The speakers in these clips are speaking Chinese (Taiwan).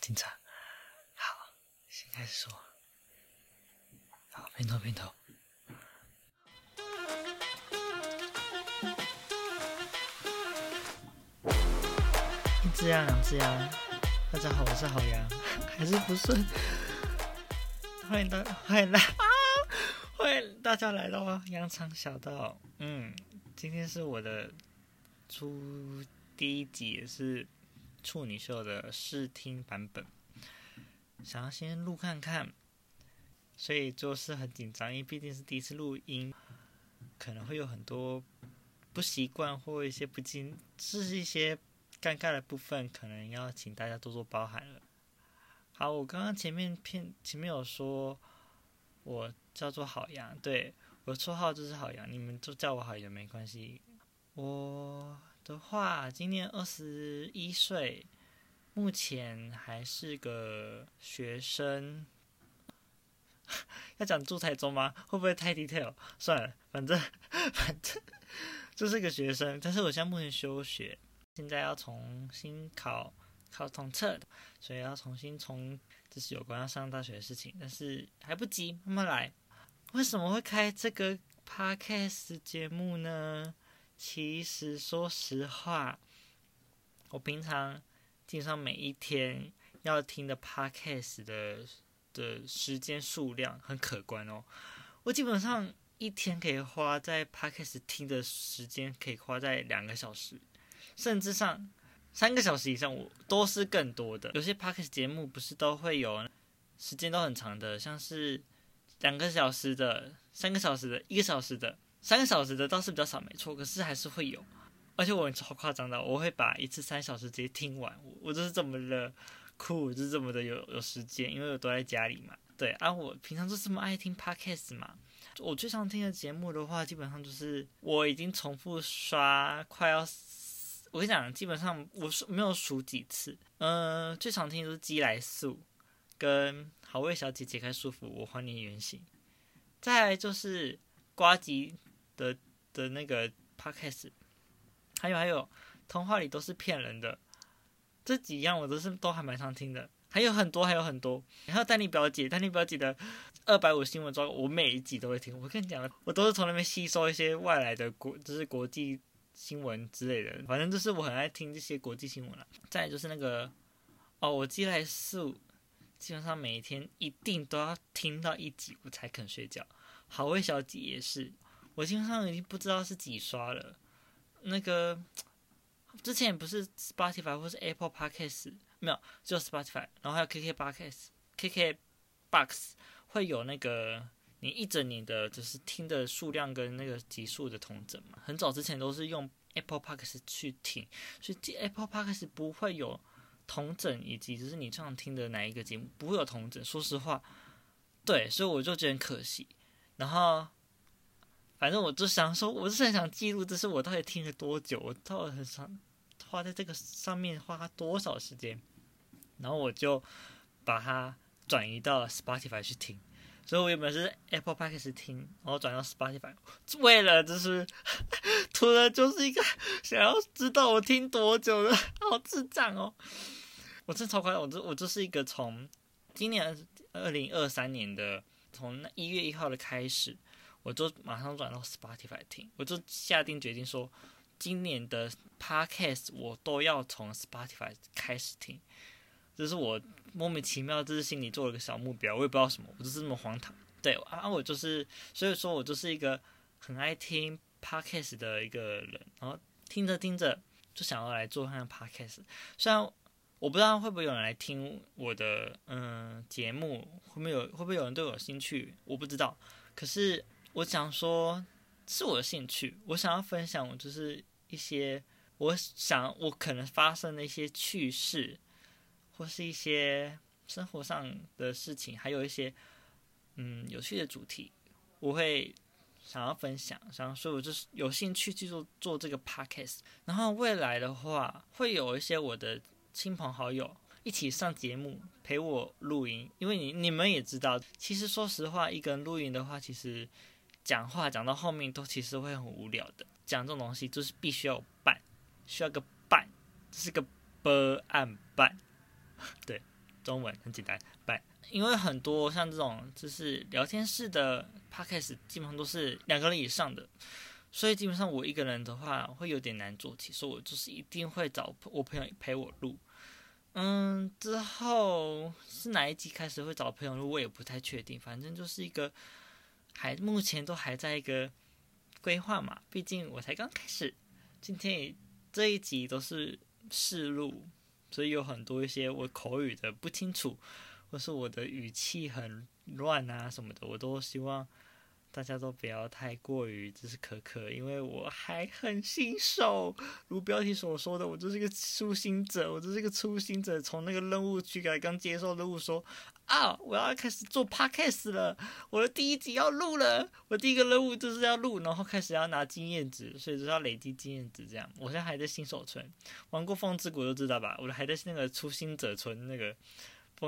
警察，好，先開始說。好，片頭片頭。片頭一隻羊，兩隻羊。大家好，我是好羊，還是不是？哦、 歡迎大歡迎來，歡迎大家來到羊腸小道。嗯，今天是我的初，第一集也是。處女秀的試聽版本。想要先錄看看，所以就是很緊張，因為畢竟是第一次錄音，可能會有很多不習慣或一些不經，這是一些尷尬的部分，可能要請大家多多包涵了。好，我剛剛前面片前面有說，我叫做好羊，對，我的綽號就是好羊，你們就叫我好羊沒關係，我。的話，今年二十一歲，目前還是個學生。 要講住台中嗎？會不會太 detail？算了，反正反正就是個學生，但是我現在目前休學，現在要重新考考統測，所以要重新從這是有關要上大學的事情，但是還不急，慢慢來。為什麼會開這個 podcast 節目呢？其實，說實話，我平常經常每一天要聽的 Podcast 的的時間數量很可觀哦。我基本上一天可以花在 Podcast 聽的時間可以花在兩個小時，甚至上三個小時以上，我都是更多的。有些 Podcast 節目不是都會有時間都很長的，像是兩個小時的、三個小時的、一個小時的。三個小時的倒是比較少，沒錯，可是還是會有。而且我很超誇張的，我會把一次三小時直接聽完。我，我就是這麼的酷，我就是這麼的有有時間，因為我都在家裡嘛。對啊，我平常就這麼愛聽 Podcast 嘛。我最常聽的節目的話，基本上就是我已經重複刷快要，我跟你講，基本上我是沒有數幾次。嗯、呃，最常聽的是《雞來素》跟《好味小姐解開束縛，我還你原形》。再來就是《呱吉》。的的那個 podcast，還有還有，童話裡都是騙人的，這幾樣我都是都還蠻常聽的，還有很多還有很多，還有丹尼表姐丹尼表姐的二百五新聞專，我每一集都會聽。我跟你講，我都是從那邊吸收一些外來的國，就是國際新聞之類的，反正就是我很愛聽這些國際新聞了。再就是那個，哦，我記得是基本上每一天一定都要聽到一集我才肯睡覺。好，魏小姐也是。我基本上已經不知道是幾刷了，那個之前不是 Spotify 或是 Apple Podcasts，沒有，只有 Spotify，然後還有 KK Box，KK Box 會有那個你一整年的就是聽的數量跟那個集數的統整嘛。很早之前都是用 Apple Podcasts 去聽，所以這 Apple Podcasts 不會有統整，以及就是你常常聽的哪一個節目不會有統整。說實話，對，所以我就覺得很可惜，然後。反正我就想說，我是很想記錄，這是我到底聽了多久，我到底很想花在這個上面花多少時間，然後我就把它轉移到 Spotify 去聽，所以我原本是 Apple Podcast 聽，然後轉到 Spotify，為了就是突然就是一個想要知道我聽多久的，好智障哦，我真的超快樂，我這我就是一個從今年二零二三年的從一月一號的開始。我就馬上轉到 Spotify 聽，我就下定決心說，今年的 podcast 我都要從 Spotify 開始聽。這，就是我莫名其妙，就是心裡做了個小目標，我也不知道什麼，我就是那麼荒唐。對，啊我就是，所以說我就是一個很愛聽 podcast 的一個人，然後聽着聽着就想要來做他的 podcast。雖然我不知道會不會有人來聽我的嗯節目，會不會有會不會有人對我有興趣，我不知道。可是。我想說，是我的興趣，我想要分享，我就是一些我想我可能發生的一些趣事，或是一些生活上的事情，還有一些嗯有趣的主題，我會想要分享，想要說，我就是有興趣去做做這個 podcast。然後未來的話，會有一些我的親朋好友一起上節目陪我錄音，因為你你們也知道，其實說實話，一個人錄音的話，其實。講話講到後面都其實會很無聊的，講這種東西就是必須要伴，需要個伴，這是個 b a n 伴，對，中文很簡單伴，因為很多像這種就是聊天式的 podcast 基本上都是兩個人以上的，所以基本上我一個人的話會有點難做起，所以我就是一定會找我朋友陪我錄。嗯，之後是哪一集開始會找朋友錄我也不太確定，反正就是一個。還目前都還在一個規劃嘛，畢竟我才剛開始，今天這一集都是試錄，所以有很多一些我口語的不清楚，或是我的語氣很亂啊什麼的，我都希望。大家都不要太過於就是苛刻，因為我還很新手。如標題所說的，我就是一個初心者，我就是一個初心者。從那個任務區給剛接受任務說啊，我要開始做 podcast 了，我的第一集要錄了，我第一個任務就是要錄，然後開始要拿經驗值，所以就是要累積經驗值。這樣，我現在還在新手村，玩過《楓之谷》都知道吧？我還在那個初心者村那個。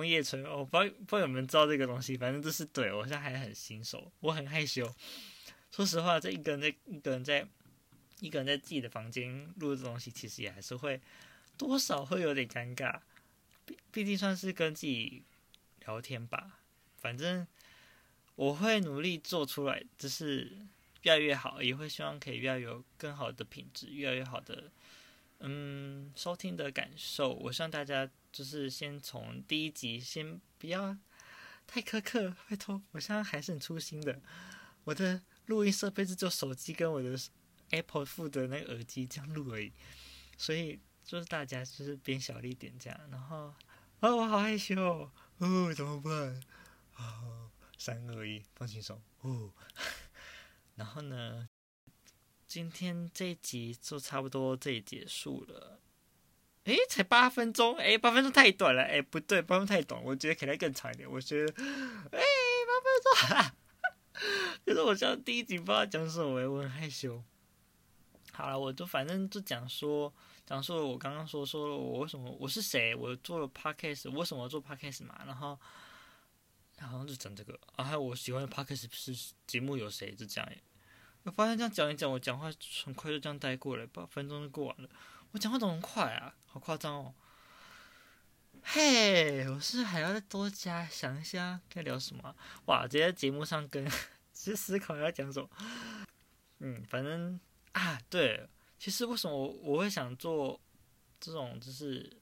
楓葉吹，我、哦、不知道不知道有沒有人知道這個東西，反正就是對，我現在還很新手，我很害羞。說實話，這一個人在一個人在一個人在自己的房間錄的東西，其實也還是會多少會有點尷尬。畢畢竟算是跟自己聊天吧，反正我會努力做出來，只、就是越來越好，也會希望可以越來越有更好的品質，越來越好的嗯收聽的感受。我希望大家，就是先從第一集先不要太苛刻，拜托，我現在還是很初心的。我的錄音設備是就手機跟我的 Apple 附的那個耳機這樣錄而已，所以就是大家就是鞭小力一點這樣。然後，啊、哦，我好害羞，哦，怎麼辦？啊、哦，三二一，放輕鬆。哦， 然後呢，今天這一集就差不多這裡結束了。誒，才八分鐘，誒八分鐘太短了，誒，不對，八分鐘太短，我覺得可能更長一點，我覺得，誒八分鐘，哈哈，就是我這樣第一集不知道講什麼，我很害羞。好了，我就反正就講說，講說，我剛剛說說了，我為什麼，我是誰，我做了 podcast，為什麼要做 podcast 嘛，然後，然後就講這個，啊，我喜歡的 podcast 是節目有誰，就講，我發現這樣講一講，我講話很快就這樣帶過了，八分鐘就過完了。我講話怎麼快啊？好誇張哦！嘿、hey,，我是還要再多加想一下該聊什麼，啊。哇，直接在節目上跟直接思考要講什麼。嗯，反正啊，對，其實為什麼我我會想做這種就是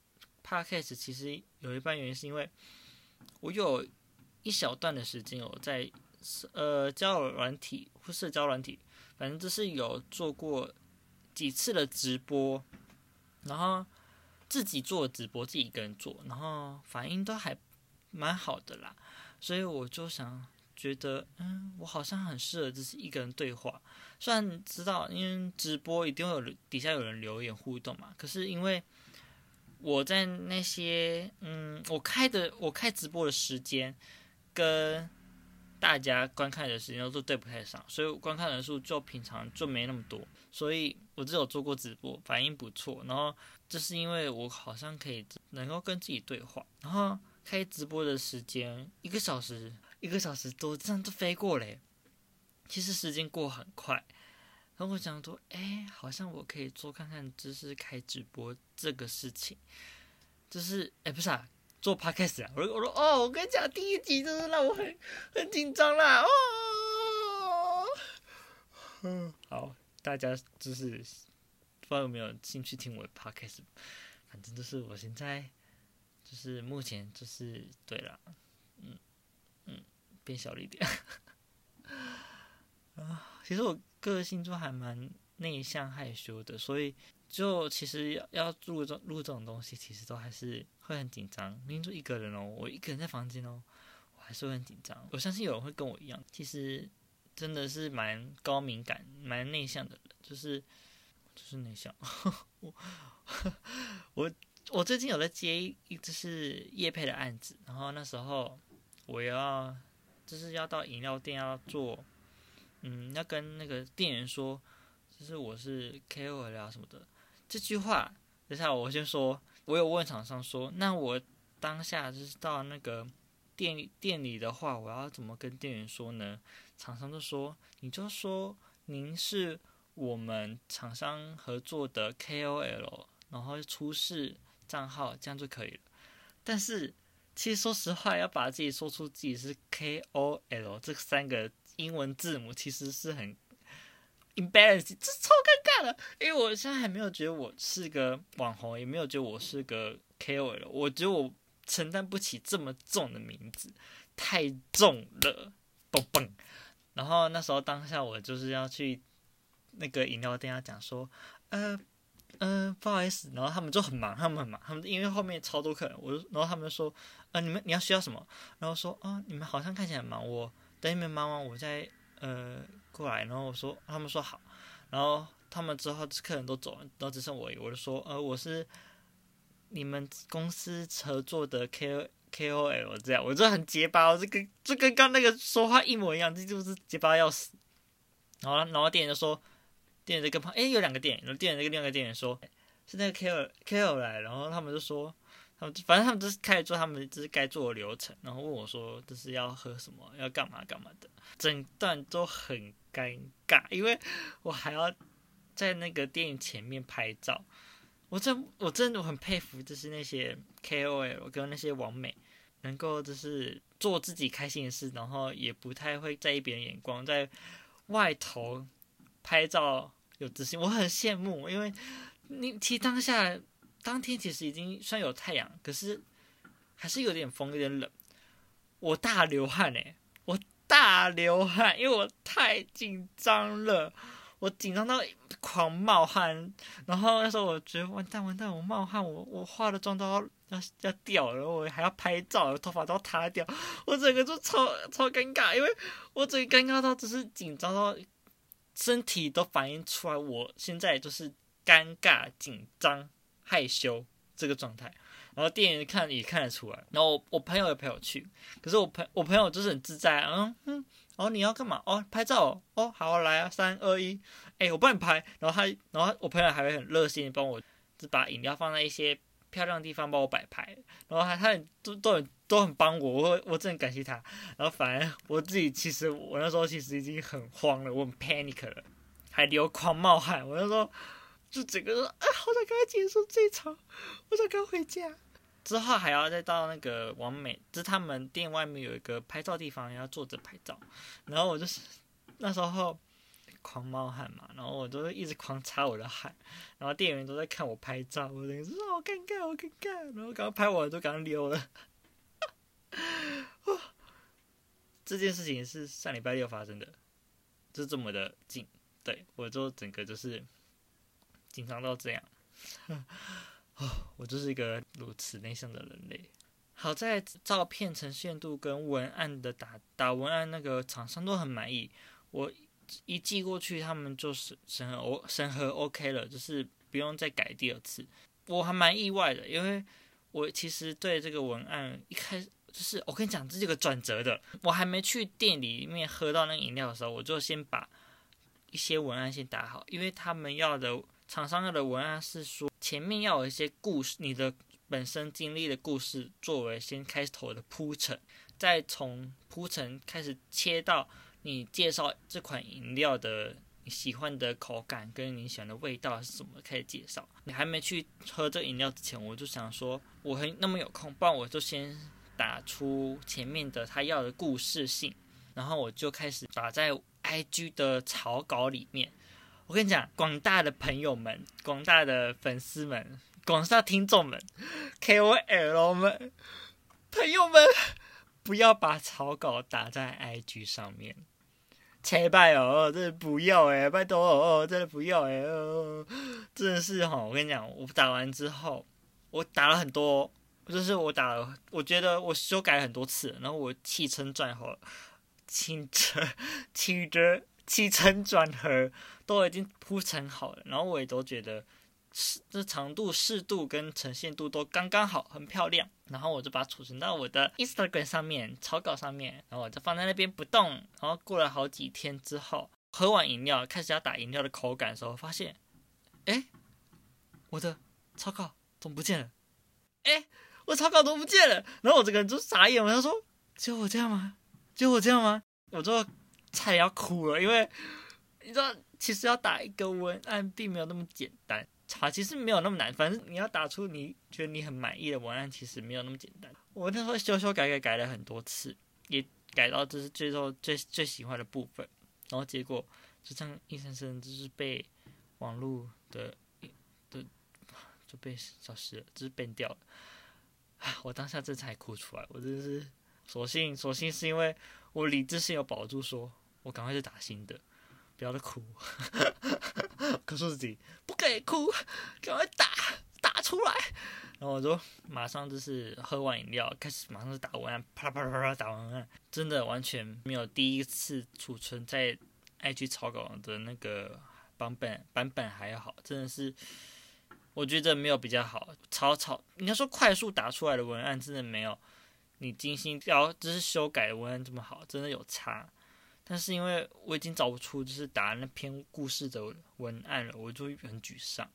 podcast 其實有一半原因是因為我有一小段的時間，我在呃，交友軟體或社交軟體，反正就是有做過幾次的直播。然後自己做直播，自己一個人做，然後反應都還蠻好的啦，所以我就想覺得，嗯，我好像很適合就是一個人對話。雖然知道因為直播一定會有底下有人留言互動嘛，可是因為我在那些嗯，我開的我開直播的時間跟。大家觀看的時間都對不太上，所以觀看人數就平常就沒那麼多。所以我只有做過直播，反應不錯。然後，這是因為我好像可以能夠跟自己對話。然後開直播的時間，一個小時，一個小時多這樣都飛過嘞。其實時間過很快。然後我想說，哎，好像我可以做看看，就是開直播這個事情，就是，哎，不是啊。做 podcast 啊，我說我說哦，我跟你講，第一集就是讓我很很緊張啦哦。嗯，好，大家就是不知道有沒有興趣聽我的 podcast，反正就是我現在就是目前就是對啦，嗯嗯，變小了一點啊，呃。其實我個性就還蠻內向害羞的，所以就其實要，要錄這錄這種東西，其實都還是會很緊張。明明就一個人哦，我一個人在房間哦，我還是會很緊張。我相信有人會跟我一樣，其實真的是蠻高敏感、蠻內向的人，就是就是內向。呵呵我我最近有在接一就是業配的案子，然後那時候我也要就是要到飲料店要做，嗯，要跟那個店員說。就是我是 KOL 啊什麼的，這句話等下我先說。我有問廠商說，那我當下就是到那個店店裡的話，我要怎麼跟店員說呢？廠商就說，你就說您是我們廠商合作的 KOL，然後出示賬號，這樣就可以了。但是其實說實話，要把自己說出自己是 KOL 這三個英文字母，其實是很。Embarrassing，這超尷尬的，因為我現在還沒有覺得我是個網紅，也沒有覺得我是個 KOL 了，我覺得我承擔不起這麼重的名字，太重了，嘣嘣。然後那時候當下我就是要去那個飲料店要講說，呃，呃，不好意思，然後他們就很忙，他們很忙，他們因為後面超多客人，我就，然後他們就說，啊、呃，你們你要需要什麼？然後說，啊、哦，你們好像看起來很忙，我等你們忙完，我再，呃。過來，然後我說，他們說好，然後他們之後客人都走了，然後只剩我，我就說，呃，我是你們公司合作的 KOL, K O L 這樣，我這很結巴，我這跟這跟剛那個說話一模一樣，這就是結巴要死。然後，然後店員就說，店員在跟旁，誒，有兩個店員，然後店員跟另外一個店員說，是那個 K O K O 來，然後他們就說。反正他們就是開始做他們就是該做的流程，然後問我說：“就是要喝什麼？要幹嘛幹嘛的？”整段都很尷尬，因為我還要在那個電影前面拍照。我真，我真的很佩服，就是那些 KOL 跟那些網美，能夠就是做自己開心的事，然後也不太會在意別人眼光，在外頭拍照有自信，我很羨慕。因為你其實當下。當天其實已經算有太陽，可是還是有點風，有點冷。我大流汗哎，我大流汗，因為我太緊張了。我緊張到狂冒汗，然後那時候我覺得完蛋完蛋，我冒汗，我我化的妝都要要要掉，然後我還要拍照，頭髮都要塌掉，我整個就超超尷尬，因為我最尷尬到只是緊張到身體都反應出來我，我現在就是尷尬緊張。害羞這個狀態，然後電影看也看得出來。然後我，我朋友也陪我去，可是我朋我朋友就是很自在，嗯哼。然後，嗯，哦，你要幹嘛？哦，拍照哦，哦好好來啊，三二一，哎，我幫你拍。然後他，然後我朋友還會很熱心的幫我，就把飲料放在一些漂亮的地方幫我擺拍。然後他他都都很都很幫我，我我真的很感謝他。然後反而我自己其實我那時候其實已經很慌了，我很 panic 了，還流狂冒汗。我那時候。就整個人，哎、啊，好想跟他結束這一場，我想趕回家。之後還要再到那個網美，就是他們店外面有一個拍照地方，要坐着拍照。然後我就是那時候狂冒汗嘛，然後我都是一直狂擦我的汗。然後店員都在看我拍照，我就說好尷尬，好尷尬。然後剛拍完就剛溜了。哇、 哦，這件事情是上禮拜六發生的，就這麼的近。對，我就整個就是。緊張到這樣，哦，我就是一個如此內向的人類。好在照片呈現度跟文案的打打文案，那個廠商都很滿意。我一寄過去，他們就審審核我審核 OK 了，就是不用再改第二次。我還蠻意外的，因為我其實對這個文案一開始，就是我跟你講，這是個轉折的。我還沒去店裡面喝到那個飲料的時候，我就先把一些文案先打好，因為他們要的。廠商要的文案是說，前面要有一些故事，你的本身經歷的故事作為先開頭的鋪陳，再從鋪陳開始切到你介紹這款飲料的你喜歡的口感跟你喜歡的味道是怎麼開始介紹。你還沒去喝這飲料之前，我就想說我很那麼有空，不然我就先打出前面的他要的故事性，然後我就開始打在 IG 的草稿裡面。我跟你講，廣大的朋友們，廣大的粉絲們，廣大聽眾們，K O L 們，朋友們，不要把草稿打在 I G 上面，切拜哦，哦，真的不要哎、欸，拜託哦，真的不要哎、欸哦，真的是哈、哦。我跟你講，我打完之後，我打了很多，就是我打了，我覺得我修改了很多次，然後我起承轉合起承起承起承轉合。都已經鋪陳好了，然後我也都覺得是這長度、適度跟呈現度都剛剛好，很漂亮。然後我就把它儲存到我的 Instagram 上面、草稿上面，然後我就放在那邊不動。然後過了好幾天之後，喝完飲料開始要打飲料的口感的時候，發現，誒，我的草稿怎麼不見了？誒，我草稿都不見了。然後我這個人就傻眼了，我想說：“只有我這樣嗎？只有我這樣嗎？”我就差點要哭了，因為你知道。其實要打一個文案，並沒有那麼簡單。它其實沒有那麼難，反正你要打出你覺得你很滿意的文案，其實沒有那麼簡單。我那時候修修改改改了很多次，也改到這是最後最最喜歡的部分，然後結果就這樣硬生生就是被網絡的的就被消失了，就是變掉了。我當下這才哭出來，我真是所幸所幸是因為我理智是有保住說，說我趕快去打新的。不要再哭，告 訴自己不可以哭，趕快打打出來。然後我就馬上就是喝完飲料，開始馬上就打文案，啪啦啪啦啪啦打文案，真的完全沒有第一次儲存在 IG 草稿的那個版本版本還好，真的是我覺得沒有比較好。草草，你要說快速打出來的文案真的沒有你精心要就是修改文案這麼好，真的有差。但是因為我已經找不出就是打那篇故事的文案了，我就很沮喪，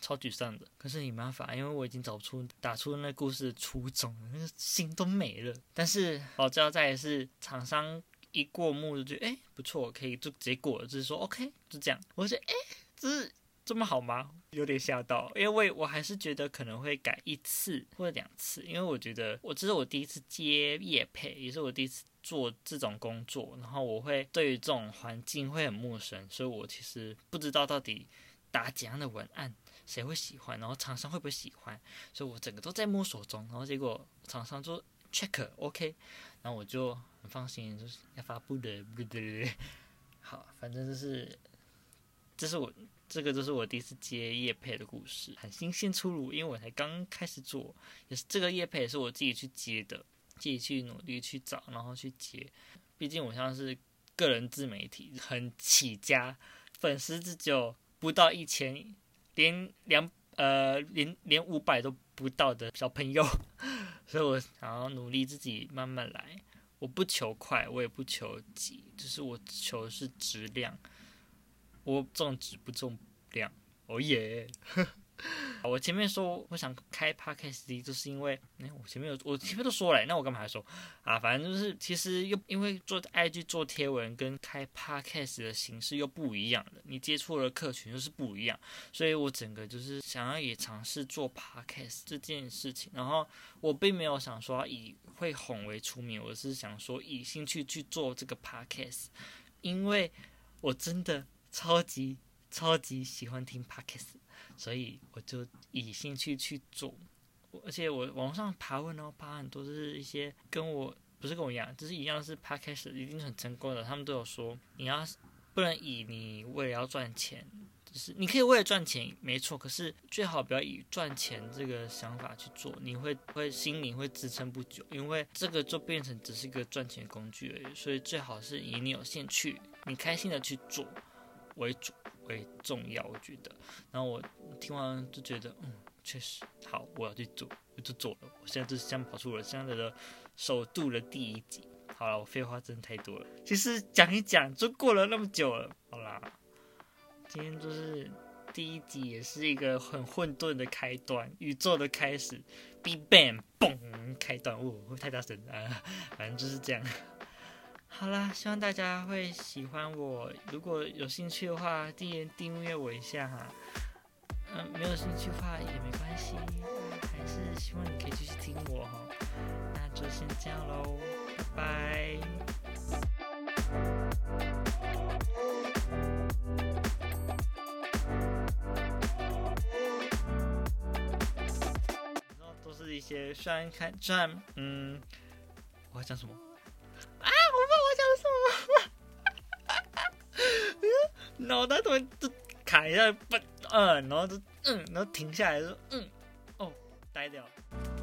超沮喪的。可是沒辦法，因為我已經找不出打出那故事的初衷了，心都沒了。但是好佳在也是廠商一過目就覺得哎不錯，可以做結果就是說 OK 就這樣。我覺得哎這是這麼好嗎？有點嚇到，因為我我還是覺得可能會改一次或者兩次，因為我覺得我這是我第一次接業配，也是我第一次。做這種工作，然後我會對於這種環境會很陌生，所以我其實不知道到底打怎樣的文案，誰會喜歡，然後廠商會不會喜歡，所以我整個都在摸索中。然後結果廠商就 check OK，然後我就很放心，就是要發佈的不得，不得了。好，反正就是這是我這個就是我第一次接業配的故事，很新鮮出爐，因為我才剛開始做，也是這個業配也是我自己去接的。自己去努力去找，然後去接。畢竟我像是個人自媒體，很起家，粉絲只有，不到一千，連兩呃，連連五百都不到的小朋友， 所以我想要努力自己慢慢來。我不求快，我也不求急，就是我求的是質量，我重質不重量。哦耶！我前面說我想開 podcast 的就是因為，誒，我前面有我前面都說了，那我幹嘛還說啊？反正就是其實又因為做 IG 做貼文跟開 podcast 的形式又不一樣的，你接觸的客群又是不一樣，所以我整個就是想要也嘗試做 podcast 這件事情。然後我並沒有想說以會哄為出名，我是想說以興趣去做這個 podcast，因為我真的超級超級喜歡聽 podcast。所以我就以興趣去做，而且我網上爬文哦，爬很多都是一些跟我不是跟我一樣，就是一樣是 Podcast 的，一定很成功的。他們都有說，你要不能以你為了要賺錢，就是你可以為了賺錢沒錯，可是最好不要以賺錢這個想法去做，你會會心裡會支撐不久，因為這個就變成只是一個賺錢工具而已。所以最好是以你有興趣、你開心的去做為主。會重要，我覺得。然後我聽完就覺得，嗯，確實，好，我要去做，我就做了。我現在就是想跑出了現在的首度的第一集。好了，我廢話真的太多了。其實講一講就過了那麼久了。好啦，今天就是第一集，也是一個很混沌的開端，宇宙的開始。Big Bang，嘣，開端。嗚、哦，太大聲了、啊。反正就是這樣。好啦，希望大家會喜歡我。如果有興趣的話，記得訂閱我一下哈。嗯、呃，沒有興趣的話也沒關係，還是希望你可以繼續聽我齁。那就先這樣嘍，拜拜。然後 都是一些雖然看雖然嗯，我還講什麼？然後他突然就卡一下，嗯、呃，然後就嗯，然後停下來就說，說嗯，哦，呆掉了。